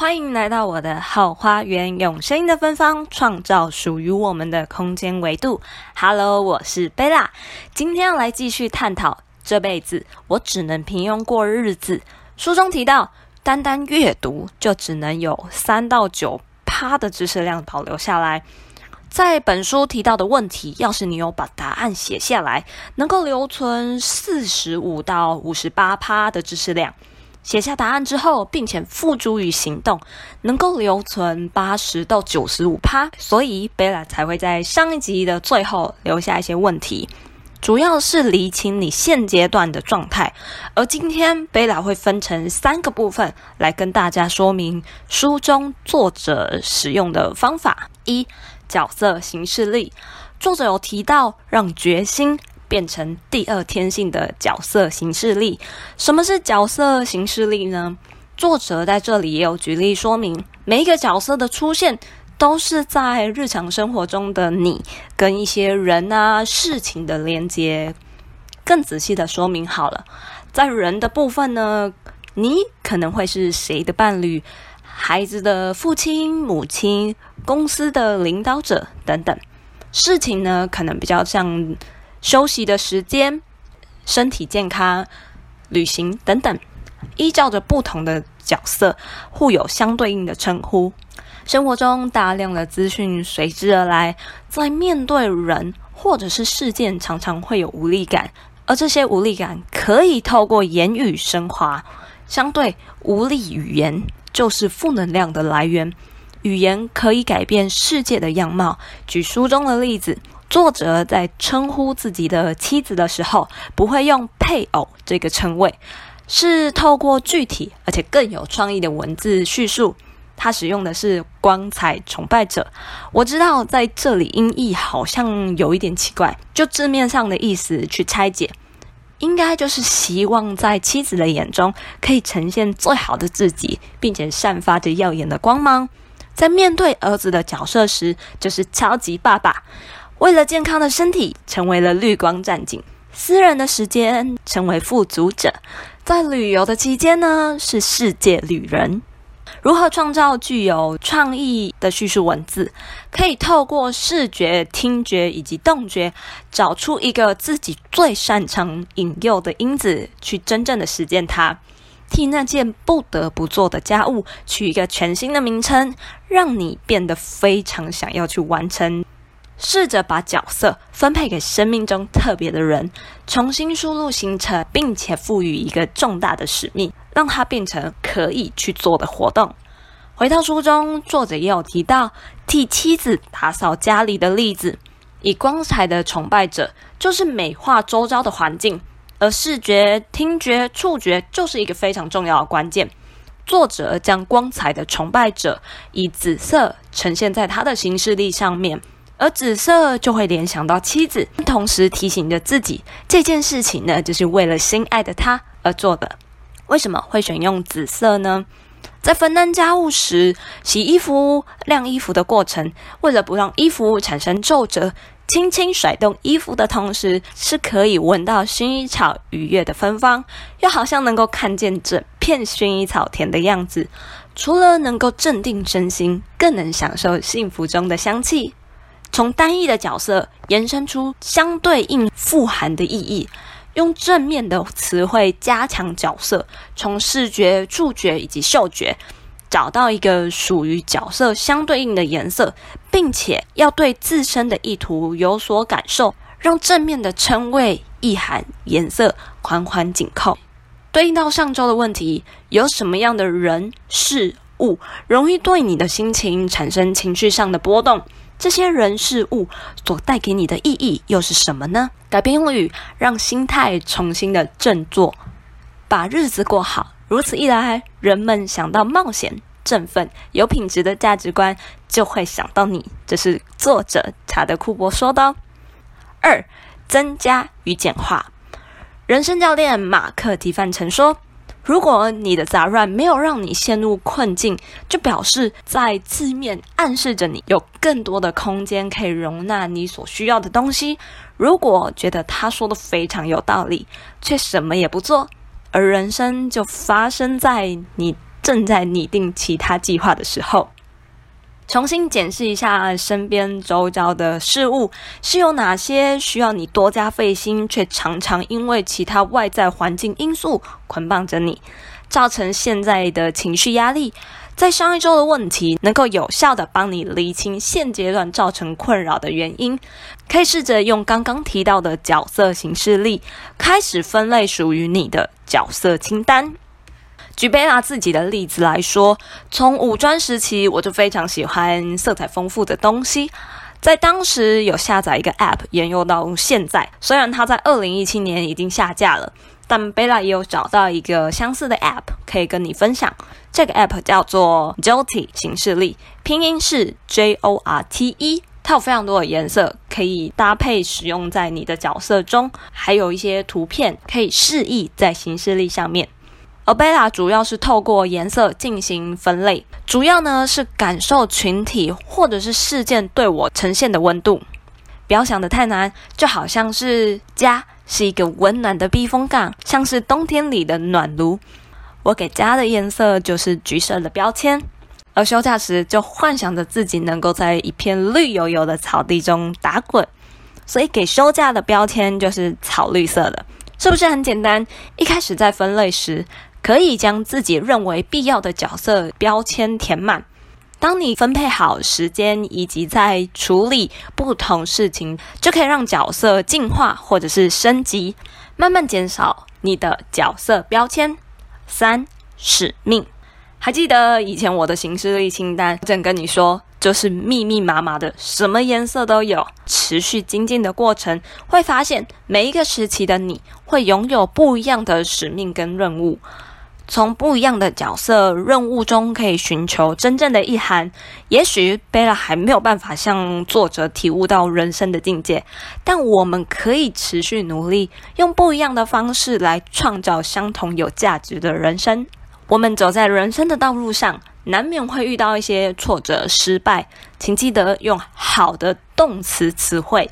歡迎來到我的 Hoo 花園，用聲音的芬芳創造屬於我們的空間維度。Hello，我是 Bella，今天要來繼續探討這輩子我只能平庸過日子。書中提到，單單閱讀就只能有三到九趴的知識量保留下來。在本書提到的問題，要是你有把答案寫下來，能夠留存四十五到五十八趴的知識量。寫下答案之後，並且付諸於行動，能夠留存八十到九十五趴，所以貝拉才會在上一集的最後留下一些問題，主要是釐清你現階段的狀態。而今天貝拉會分成三個部分來跟大家說明書中作者使用的方法：一、角色形式力，作者有提到讓決心，變成第二天性的角色形式力。什麼是角色形式力呢？作者在這裡也有舉例說明，每一個角色的出現都是在日常生活中的你跟一些人啊、事情的連接。更仔細的說明好了，在人的部分呢，你可能會是誰的伴侶、孩子的父親、母親、公司的領導者等等。事情呢，可能比較像。休息的時間、身體健康、旅行等等，依照着不同的角色，互有相對應的稱呼。生活中大量的資訊隨之而來，在面對人或者是事件，常常會有無力感，而這些無力感可以透過言語升華。相對無力語言就是負能量的來源，語言可以改變世界的樣貌。舉書中的例子。作者在稱呼自己的妻子的時候，不會用“配偶”這個稱謂，是透過具體而且更有創意的文字敘述。他使用的是“光彩崇拜者”。我知道在這裡音譯好像有一點奇怪，就字面上的意思去拆解，應該就是希望在妻子的眼中可以呈現最好的自己，並且散發着耀眼的光芒。在面對兒子的角色時，就是超級爸爸。為了健康的身體，成為了綠光戰警；私人的時間，成為富足者；在旅遊的期間呢，是世界旅人。如何創造具有創意的敘述文字？可以透過視覺、聽覺以及動覺，找出一個自己最擅長引誘的因子，去真正的實踐它。替那件不得不做的家務取一個全新的名稱，讓你變得非常想要去完成。試着把角色分配給生命中特別的人，重新輸入行程，並且賦予一個重大的使命，讓它變成可以去做的活動。回到書中，作者也有提到替妻子打掃家裡的例子。以光彩的崇拜者，就是美化周遭的環境，而視覺、聽覺、觸覺就是一個非常重要的關鍵。作者將光彩的崇拜者以紫色呈現在他的行事曆上面。而紫色就會聯想到妻子，同時提醒着自己，這件事情呢，就是為了心愛的她而做的。為什麼會選用紫色呢？在分擔家務時，洗衣服、晾衣服的過程，為了不讓衣服產生皺褶，輕輕甩動衣服的同時，是可以聞到薰衣草愉悅的芬芳，又好像能夠看見整片薰衣草田的樣子。除了能夠鎮定身心，更能享受幸福中的香氣。從單一的角色延伸出相對應富含的意義，用正面的詞彙加強角色。從視覺、觸覺以及嗅覺，找到一個屬於角色相對應的顏色，並且要對自身的意圖有所感受，讓正面的稱謂、意涵、顏色環環緊扣。對應到上周的問題，有什麼樣的人、事物容易對你的心情產生情緒上的波動？這些人事物所帶給你的意義又是什麼呢？改變用語，讓心態重新的振作，把日子過好。如此一來，人們想到冒險、振奮、有品質的價值觀，就會想到你。這是作者查德·庫珀說的哦。二、增加與簡化。人生教練馬克·提範曾說。如果你的雜亂沒有讓你陷入困境，就表示在字面暗示着你有更多的空間可以容納你所需要的東西。如果覺得他說的非常有道理，卻什麼也不做，而人生就發生在你正在擬定其他計劃的時候。重新檢視一下身邊周遭的事物，是有哪些需要你多加費心，卻常常因為其他外在環境因素捆綁着你，造成現在的情緒壓力。在上一周的問題，能夠有效的幫你釐清現階段造成困擾的原因。可以試着用剛剛提到的角色形式力，開始分類屬於你的角色清單。舉貝拉自己的例子來說，從五專時期我就非常喜歡色彩豐富的東西，在當時有下載一個 App，沿用到現在。雖然它在二零一七年已經下架了，但貝拉也有找到一個相似的 App 可以跟你分享。這個 App 叫做 Jorte 行事曆，拼音是 J O R T E，它有非常多的顏色可以搭配使用在你的角色中，還有一些圖片可以示意在行事曆上面。而貝拉主要是透過顏色進行分類，主要呢是感受群體或者是事件對我呈現的溫度。不要想得太難，就好像是家是一個溫暖的避風港，像是冬天裡的暖爐。我給家的顏色就是橘色的標籤，而休假時就幻想着自己能夠在一片綠油油的草地中打滾，所以給休假的標籤就是草綠色的，是不是很簡單？一開始在分類時。可以將自己認為必要的角色標籤填滿。當你分配好時間以及在處理不同事情，就可以讓角色進化或者是升級，慢慢減少你的角色標籤。三、使命，還記得以前我的行事歷清單正跟你說，就是密密麻麻的，什麼顏色都有。持續精進的過程，會發現每一個時期的你會擁有不一樣的使命跟任務。從不一樣的角色任務中，可以尋求真正的意涵。也許 Bella 還沒有辦法向作者體悟到人生的境界，但我們可以持續努力，用不一樣的方式來創造相同有價值的人生。我們走在人生的道路上，難免會遇到一些挫折、失敗，請記得用好的動詞詞彙。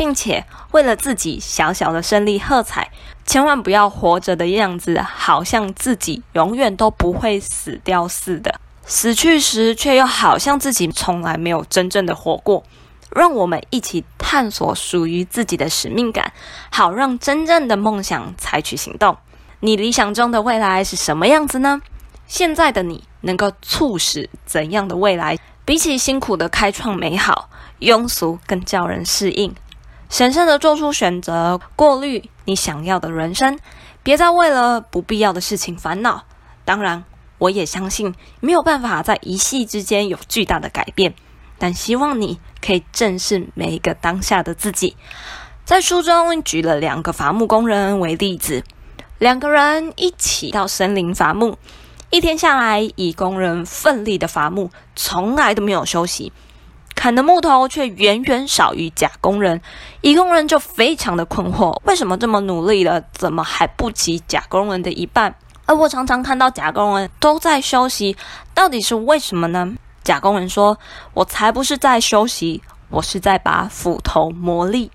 並且為了自己小小的勝利喝彩，千萬不要活着的樣子好像自己永遠都不會死掉似的，死去時卻又好像自己從來沒有真正的活過。讓我們一起探索屬於自己的使命感，好讓真正的夢想採取行動。你理想中的未來是什麼樣子呢？現在的你能夠促使怎樣的未來？比起辛苦的開創美好，庸俗更叫人適應。審慎的做出選擇，過濾你想要的人生，別再為了不必要的事情煩惱。當然，我也相信沒有辦法在一夕之間有巨大的改變，但希望你可以正視每一個當下的自己。在書中舉了兩個伐木工人為例子，兩個人一起到森林伐木，一天下來，一工人奮力的伐木，從來都沒有休息。砍的木頭卻遠遠少於甲工人，乙工人就非常的困惑：為什麼這麼努力了，怎麼還不及甲工人的一半？而我常常看到甲工人都在休息，到底是為什麼呢？甲工人說：“我才不是在休息，我是在把斧頭磨利。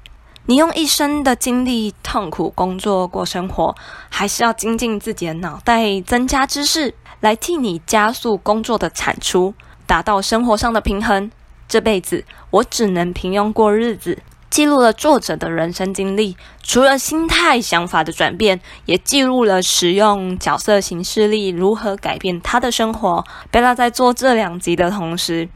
你用一生的精力痛苦工作過生活，還是要精進自己的腦袋，增加知識，來替你加速工作的產出，達到生活上的平衡。”這輩子，我只能平庸過日子，記錄了作者的人生經歷，除了心態想法的轉變，也記錄了使用角色形式力如何改變他的生活。貝拉在做這兩集的同時，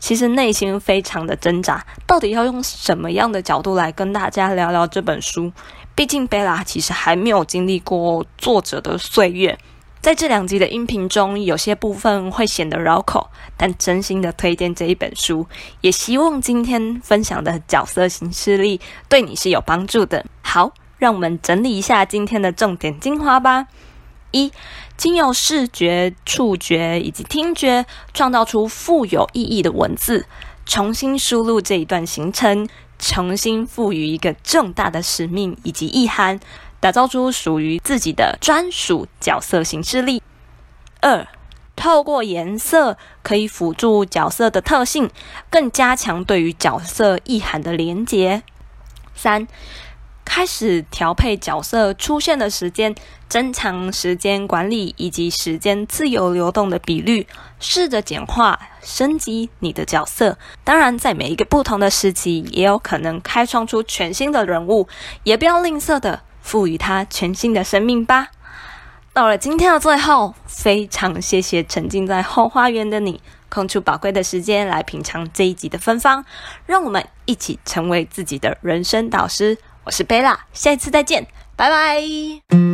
其實內心非常的掙扎，到底要用什麼樣的角度來跟大家聊聊這本書？畢竟貝拉其實還沒有經歷過作者的歲月。在這兩集的音頻中，有些部分會顯得繞口，但真心的推薦這一本書，也希望今天分享的角色形式力對你是有幫助的。好，讓我們整理一下今天的重點精華吧：一，經由視覺、觸覺以及聽覺，創造出富有意義的文字，重新輸入這一段行程，重新賦予一個重大的使命以及意涵。打造出屬於自己的專屬角色形式力。二，透過顏色可以輔助角色的特性，更加強對於角色意涵的連接。三，開始調配角色出現的時間，增強時間管理以及時間自由流動的比率。試着簡化、升級你的角色。當然，在每一個不同的時期，也有可能開創出全新的人物，也不要吝嗇的。賦予它全新的生命吧！到了今天的最後，非常謝謝沉浸在後花園的你，空出寶貴的時間來品嘗這一集的芬芳。讓我們一起成為自己的人生導師。我是貝拉，下一次再見，拜拜。